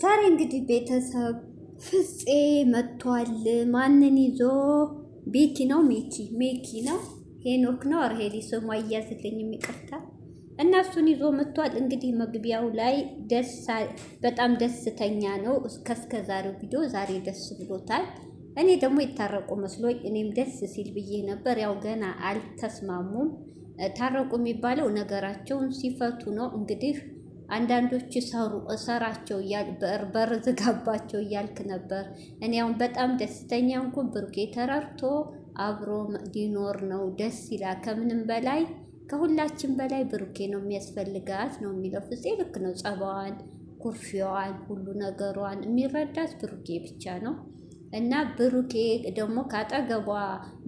ዛሬ እንግዲህ ቤተሰብ ፍፄ መጥቷል። ማንን ይዞ? ቤቲ ነው ሜኪ ሜኪ ነው ሄኖክ ነው አርሄሊ ስሙ አያዝልኝ ይቅርታ። እና ይዞ መጥቷል። እንግዲህ መግቢያው ላይ በጣም ደስተኛ ነው እስከ ዛሬው ቪዲዮ ዛሬ ደስ ብሎታል። እኔ ደግሞ የታረቁ መስሎኝ እኔም ደስ ሲል ብዬ ነበር። ያው ገና አልተስማሙም። ታረቁ የሚባለው ነገራቸውን ሲፈቱ ነው እንግዲህ አንዳንዶች ሰሩ እሰራቸው እያል በር በር ዝጋባቸው እያልክ ነበር። እኔ አሁን በጣም ደስተኛ እንኩ ብሩኬ ተረርቶ አብሮ ሊኖር ነው። ደስ ይላ። ከምንም በላይ ከሁላችን በላይ ብሩኬ ነው የሚያስፈልጋት ነው የሚለው ፍፄ። ልክ ነው። ጸባዋን፣ ኩርፊዋን፣ ሁሉ ነገሯን የሚረዳት ብሩኬ ብቻ ነው። እና ብሩኬ ደግሞ ካጠገቧ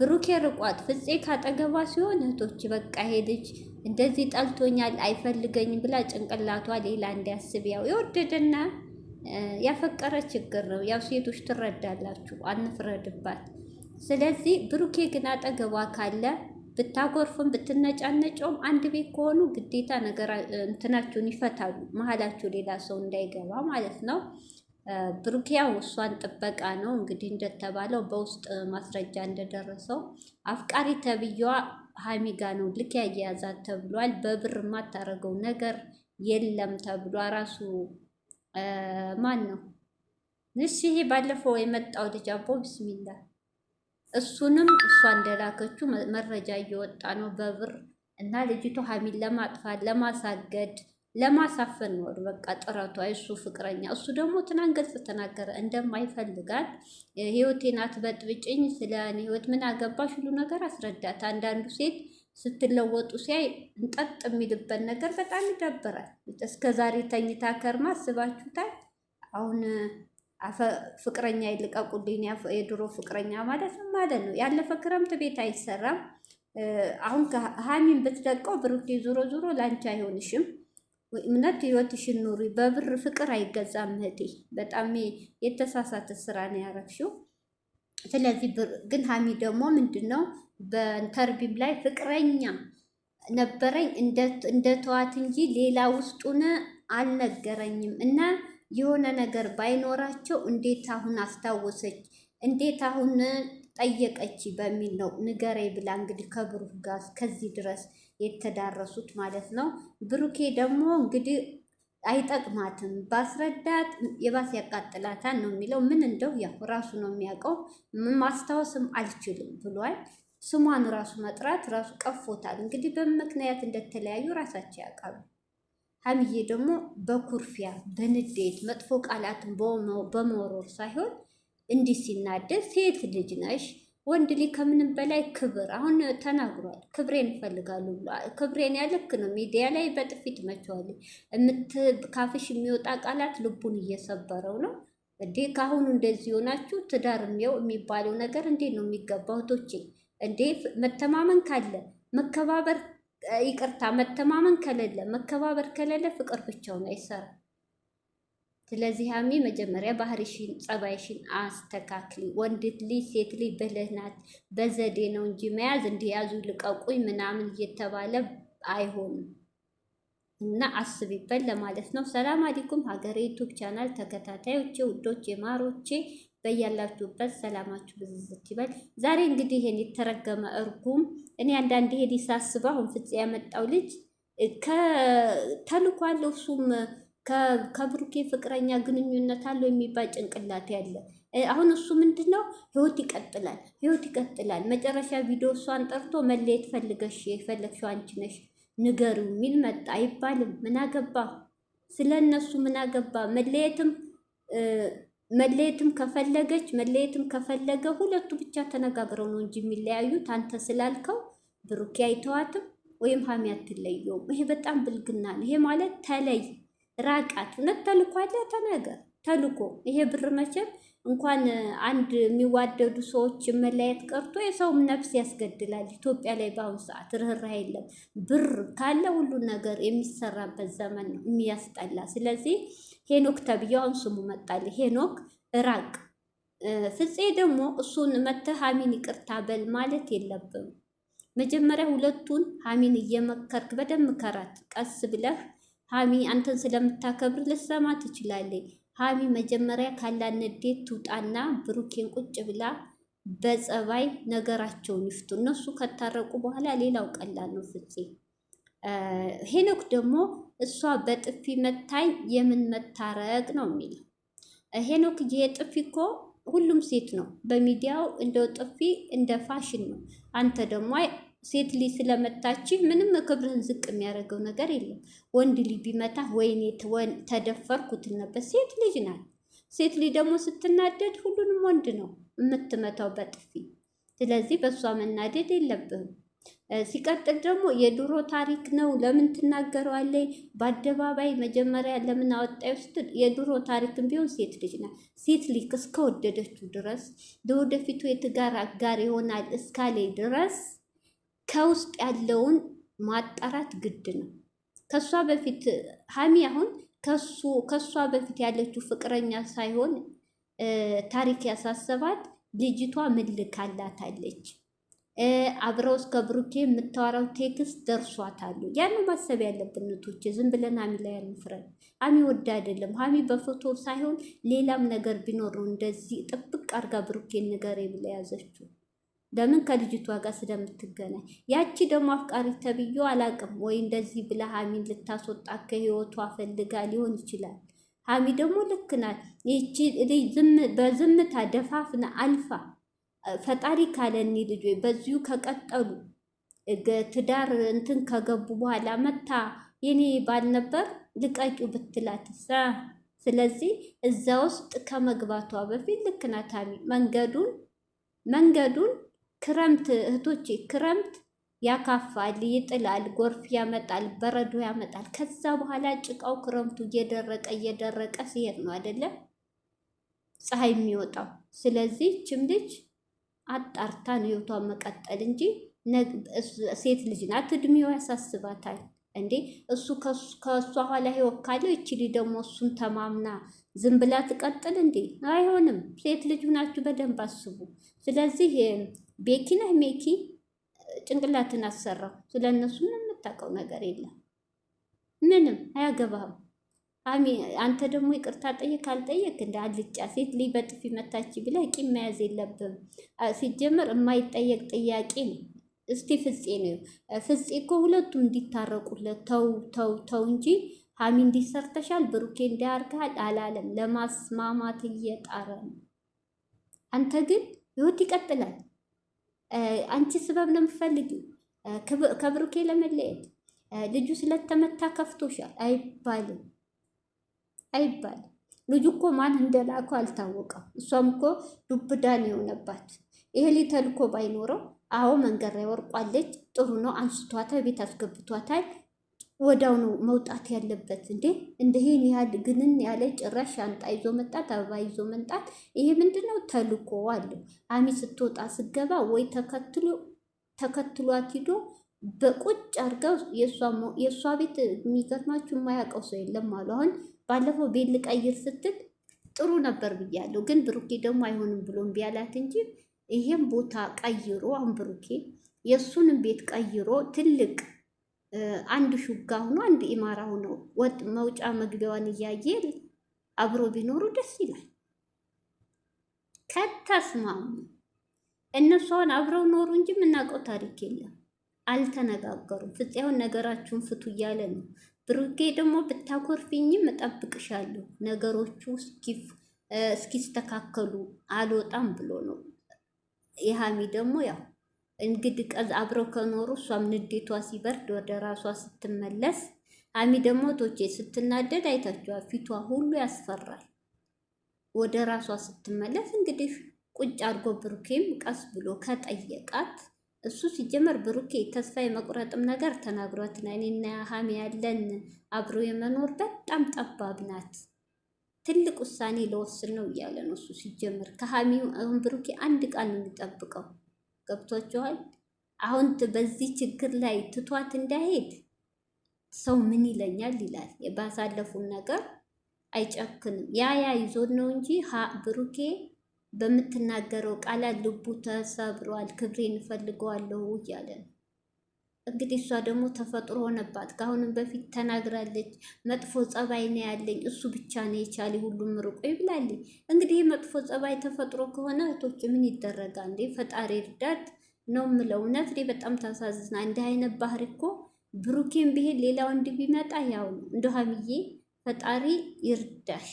ብሩኬ ርቋት ፍፄ ካጠገቧ ሲሆን እህቶች በቃ ሄ ልጅ እንደዚህ ጠልቶኛል አይፈልገኝም ብላ ጭንቅላቷ ሌላ እንዲያስብ ያው የወደደና ያፈቀረ ችግር ነው። ያው ሴቶች ትረዳላችሁ፣ አንፍረድባት። ስለዚህ ብሩኬ ግን አጠገቧ ካለ ብታጎርፍም ብትነጫነጨውም አንድ ቤት ከሆኑ ግዴታ ነገር እንትናችሁን ይፈታሉ። መሀላችሁ ሌላ ሰው እንዳይገባ ማለት ነው። ብሩኬ እሷን ጥበቃ ነው እንግዲህ እንደተባለው በውስጥ ማስረጃ እንደደረሰው አፍቃሪ ተብዬዋ ሀሚጋ ነው ልክ ያያዛት ተብሏል። በብር የማታደርገው ነገር የለም ተብሏ ራሱ ማን ነው እሺ፣ ይሄ ባለፈው የመጣው ልጅ አቦ እሱንም እሷ እንደላከችው መረጃ እየወጣ ነው በብር እና ልጅቱ ሀሚን ለማጥፋት ለማሳገድ ለማሳፈን ነው በቃ ጥረቷ። እሱ ፍቅረኛ እሱ ደግሞ ትናንት ገልጽ ተናገረ እንደማይፈልጋት ህይወቴን አትበጥብጭኝ፣ ስለ ህይወት ምን አገባሽ ሁሉ ነገር አስረዳት። አንዳንዱ ሴት ስትለወጡ ሲያይ እንጠጥ የሚልበት ነገር በጣም ይደብራል። እስከ ዛሬ ተኝታ ከርማ አስባችሁታል። አሁን ፍቅረኛ ይልቀቁልኝ፣ የድሮ ፍቅረኛ ማለት ማለት ነው። ያለፈ ክረምት ቤት አይሰራም። አሁን ሀሚን ብትለቀው ብሩኬ ዞሮ ዞሮ ላንቺ አይሆንሽም። እምነት ህይወትሽን ኑሪ። በብር ፍቅር አይገዛም እህቴ። በጣም የተሳሳተ ስራ ነው ያረግሽው። ስለዚህ ግን ሀሚ ደግሞ ምንድን ነው በኢንተርቪም ላይ ፍቅረኛ ነበረኝ እንደ ተዋት እንጂ ሌላ ውስጡን አልነገረኝም እና የሆነ ነገር ባይኖራቸው እንዴት አሁን አስታወሰች እንዴት አሁን ጠየቀች በሚል ነው ንገረኝ ብላ እንግዲህ ከብሩህ ጋር ከዚህ ድረስ የተዳረሱት ማለት ነው። ብሩኬ ደግሞ እንግዲህ አይጠቅማትም ባስረዳት የባስ ያቃጥላታል ነው የሚለው። ምን እንደው ያው ራሱ ነው የሚያውቀው። ማስታወስም አልችልም ብሏል። ስሟን ራሱ መጥራት ራሱ ቀፎታል። እንግዲህ በምክንያት እንደተለያዩ ራሳቸው ያውቃሉ። ሀምዬ ደግሞ በኩርፊያ በንዴት መጥፎ ቃላትን በመወሮር ሳይሆን እንዲህ ሲናደድ ሴት ልጅ ነሽ ወንድ ልጅ ከምንም በላይ ክብር አሁን ተናግሯል። ክብሬን ይፈልጋሉ ብሏል። ክብሬን ያለክ ነው። ሚዲያ ላይ በጥፊት መቸዋል። ካፍሽ የሚወጣ ቃላት ልቡን እየሰበረው ነው። እንዴ ከአሁኑ እንደዚህ ሆናችሁ ትዳር የሚያው የሚባለው ነገር እንዴ ነው የሚገባው? ቶቼ እንዴ መተማመን ካለ መከባበር፣ ይቅርታ መተማመን ከሌለ መከባበር ከሌለ ፍቅር ብቻውን አይሰራም። ስለዚህ ሀሚ መጀመሪያ ባህሪሽን፣ ጸባይሽን አስተካክሊ። ወንድ ልጅ ሴት ልጅ በለናት በዘዴ ነው እንጂ መያዝ እንዲያዙ ልቀቁኝ ምናምን እየተባለ አይሆንም እና አስቢበት ለማለት ነው። ሰላም አለይኩም ሀገሬ ዩቱብ ቻናል ተከታታዮቼ፣ ውዶቼ፣ ማሮቼ በያላችሁበት ሰላማችሁ ብዝዝት ይበል። ዛሬ እንግዲህ ይሄን የተረገመ እርጉም እኔ አንዳንድ ይሄን ይሳስበ አሁን ፍጽ ያመጣው ልጅ ተልኳል እሱም ከብሩኬ ፍቅረኛ ግንኙነት አለው የሚባል ጭንቅላት ያለ አሁን እሱ ምንድን ነው? ህይወት ይቀጥላል፣ ህይወት ይቀጥላል። መጨረሻ ቪዲዮ እሷን ጠርቶ መለየት ፈልገሽ የፈለግሽው አንቺ ነሽ ንገሩ የሚል መጣ አይባልም። ምናገባ ስለ እነሱ ምናገባ። መለየትም መለየትም ከፈለገች መለየትም ከፈለገ ሁለቱ ብቻ ተነጋግረው ነው እንጂ የሚለያዩት። አንተ ስላልከው ብሩኬ አይተዋትም ወይም ሀሚ አትለየውም። ይሄ በጣም ብልግና ነው። ይሄ ማለት ተለይ ራቃት። እውነት ተልኮ አለ ተነገር ተልኮ ይሄ ብር መቼም እንኳን አንድ የሚዋደዱ ሰዎች መለያየት ቀርቶ የሰውም ነፍስ ያስገድላል። ኢትዮጵያ ላይ በአሁኑ ሰዓት ርኅራኄ የለም። ብር ካለ ሁሉ ነገር የሚሰራበት ዘመን ነው፣ የሚያስጠላ። ስለዚህ ሄኖክ ተብያውን ስሙ መጣል። ሄኖክ ራቅ። ፍፄ ደግሞ እሱን መተህ ሀሚን ይቅርታ በል ማለት የለብም። መጀመሪያ ሁለቱን ሀሚን እየመከርክ በደንብ ከራት ቀስ ብለህ ሀሚ አንተን ስለምታከብር ልሰማ ትችላለች። ሀሚ መጀመሪያ ካላት ንዴት ትውጣና ብሩኬን ቁጭ ብላ በጸባይ ነገራቸውን ይፍቱ። እነሱ ከታረቁ በኋላ ሌላው ቀላል ነው። ፍፄ ሄኖክ ደግሞ እሷ በጥፊ መታኝ የምን መታረቅ ነው የሚለው ሄኖክ። ይሄ ጥፊ እኮ ሁሉም ሴት ነው በሚዲያው እንደው ጥፊ እንደ ፋሽን ነው። አንተ ደግሞ ሴት ልጅ ስለመታች ምንም ክብርህን ዝቅ የሚያደርገው ነገር የለም። ወንድ ልጅ ቢመታ ወይኔ ተደፈርኩ ሴት ልጅ ናት። ሴት ልጅ ደግሞ ስትናደድ ሁሉንም ወንድ ነው የምትመታው በጥፊ። ስለዚህ በእሷ መናደድ የለብህም። ሲቀጥል ደግሞ የድሮ ታሪክ ነው ለምን ትናገረዋለህ? በአደባባይ መጀመሪያ ለምን አወጣ ስትል የድሮ ታሪክም ቢሆን ሴት ልጅ ናት። ሴት ልጅ እስከወደደችው ድረስ ለወደፊቱ የትዳር አጋር ይሆናል እስካሌ ድረስ ከውስጥ ያለውን ማጣራት ግድ ነው። ከእሷ በፊት ሀሚ አሁን ከእሷ በፊት ያለችው ፍቅረኛ ሳይሆን ታሪክ ያሳሰባት ልጅቷ ምልካላታለች። አብረው እስከ ብሩኬ የምታወራው ቴክስት ደርሷታሉ። ያን ማሰብ ያለብን እህቶች፣ ዝም ብለን ሀሚ ላይ አንፍረን። ሀሚ ወድ አይደለም። ሀሚ በፎቶ ሳይሆን ሌላም ነገር ቢኖር እንደዚህ ጥብቅ አርጋ ብሩኬን ንገሬ ብለ ያዘችው። ለምን ከልጅቷ ጋር ስለምትገናኝ ያቺ ደግሞ አፍቃሪ ተብዬ አላቅም ወይ እንደዚህ ብላ ሀሚን ልታስወጣ ከህይወቷ ፈልጋ ሊሆን ይችላል። ሀሚ ደግሞ ልክ ናት። ይቺ በዝምታ ደፋፍና አልፋ ፈጣሪ ካለኒ ልጆ በዚሁ ከቀጠሉ ትዳር እንትን ከገቡ በኋላ መታ የኔ ነበር ልቀቂው ብትላትስ? ስለዚህ እዛ ውስጥ ከመግባቷ በፊት ልክ ናት ሀሚ መንገዱን መንገዱን ክረምት እህቶቼ ክረምት ያካፋል፣ ይጥላል፣ ጎርፍ ያመጣል፣ በረዶ ያመጣል። ከዛ በኋላ ጭቃው ክረምቱ እየደረቀ እየደረቀ ሲሄድ ነው አይደለም ፀሐይ የሚወጣው። ስለዚህ ችም ልጅ አጣርታ ነው ህይወቷን መቀጠል እንጂ ሴት ልጅ ናት፣ እድሜው ያሳስባታል። እንዴ እሱ ከእሷ ኋላ ህይወት ካለው ይችል ደግሞ እሱን ተማምና ዝም ብላ ትቀጥል እንዴ? አይሆንም። ሴት ልጅ ሁናችሁ በደንብ አስቡ። ስለዚህ ቤኪ ነህ ሜኪ ጭንቅላትን አሰራው። ስለ እነሱ ምን የምታውቀው ነገር የለም፣ ምንም አያገባህም። አሚ አንተ ደግሞ ይቅርታ ጠየቅ አልጠየቅ እንደ አልጫ ሴት ልጅ በጥፊ መታች ብለህ ቂም መያዝ የለብም ሲጀምር የማይጠየቅ ጥያቄ ነው። እስቲ ፍፄ ነው ፍፄ እኮ ሁለቱም እንዲታረቁለት ተው ተው ተው እንጂ ሀሚ እንዲሰርተሻል ብሩኬ እንዲያርግሃል አላለም። ለማስማማት እየጣረ ነው። አንተ ግን ህይወት ይቀጥላል። አንቺ ስበብ ነው የምፈልጊው ከብሩኬ ለመለየት። ልጁ ስለተመታ ከፍቶሻል አይባልም፣ አይባልም። ልጁ እኮ ማን እንደላከው አልታወቀም። እሷም እኮ ዱብዳን የሆነባት ይሄ ሊተልኮ ባይኖረው አዎ መንገድ ላይ ወርቋለች። ጥሩ ነው። አንስቷታል፣ ቤት አስገብቷታል። ወዳው ነው መውጣት ያለበት። እንዴ እንደሄን ያህል ግንን ያለ ጭራሽ ሻንጣ ይዞ መጣት አበባ ይዞ መምጣት፣ ይሄ ምንድን ነው? ተልኮ አለው። አሚ ስትወጣ ስገባ ወይ ተከትሎ ተከትሏት ሂዶ በቁጭ አድርገው የእሷ ቤት የሚገርማችሁ የማያውቀው ሰው የለም አሉ። አሁን ባለፈው ቤት ልቀይር ስትል ጥሩ ነበር ብያለሁ፣ ግን ብሩኬ ደግሞ አይሆንም ብሎ ቢያላት እንጂ ይሄን ቦታ ቀይሮ አሁን ብሩኬ የእሱንም ቤት ቀይሮ ትልቅ አንድ ሹጋ ሆኖ አንድ ኢማራ ሆኖ ወጥ መውጫ መግቢያዋን እያየ አብሮ ቢኖሩ ደስ ይላል። ከተስማሙ እነሱ አሁን አብረው ኖሩ እንጂ የምናውቀው ታሪክ የለም። አልተነጋገሩም። ፍፄውን ነገራችሁን ፍቱ እያለ ነው። ብሩጌ ደግሞ ብታኮርፊኝም እጠብቅሻለሁ ነገሮቹ እስኪስተካከሉ አልወጣም ብሎ ነው። የሀሚ ደግሞ ያው እንግዲህ ቀዝ አብረው ከኖሩ እሷም ንዴቷ ሲበርድ ወደ ራሷ ስትመለስ፣ ሀሚ ደግሞ ቶቼ ስትናደድ አይታችኋል። ፊቷ ሁሉ ያስፈራል። ወደ ራሷ ስትመለስ እንግዲህ ቁጭ አድርጎ ብሩኬም ቀስ ብሎ ከጠየቃት እሱ ሲጀመር ብሩኬ ተስፋ የመቁረጥም ነገር ተናግሯት ና እኔና ሀሚ ያለን አብሮ የመኖር በጣም ጠባብ ናት ትልቅ ውሳኔ ለወስን ነው እያለ ነው እሱ። ሲጀምር ከሀሚው አሁን ብሩኬ አንድ ቃል ነው የሚጠብቀው። ገብቷችኋል? አሁን በዚህ ችግር ላይ ትቷት እንዳይሄድ ሰው ምን ይለኛል ይላል። ባሳለፉን ነገር አይጨክንም። ያ ያ ይዞን ነው እንጂ ብሩኬ በምትናገረው ቃላት ልቡ ተሰብሯል። ክብሬ እንፈልገዋለሁ እያለ ነው። እንግዲህ እሷ ደግሞ ተፈጥሮ ሆነባት። ከአሁንም በፊት ተናግራለች። መጥፎ ጸባይ ነው ያለኝ እሱ ብቻ ነው የቻለ ሁሉም ርቆ ይብላለኝ። እንግዲህ መጥፎ ጸባይ ተፈጥሮ ከሆነ እህቶች ምን ይደረጋል? እንዴ ፈጣሪ እርዳት ነው የምለው። እውነት እኔ በጣም ታሳዝና። እንዲህ አይነት ባህሪ እኮ ብሩኬን ብሄድ ሌላ ወንድ ቢመጣ ያው ነው። እንደ ሀብዬ ፈጣሪ ይርዳሽ።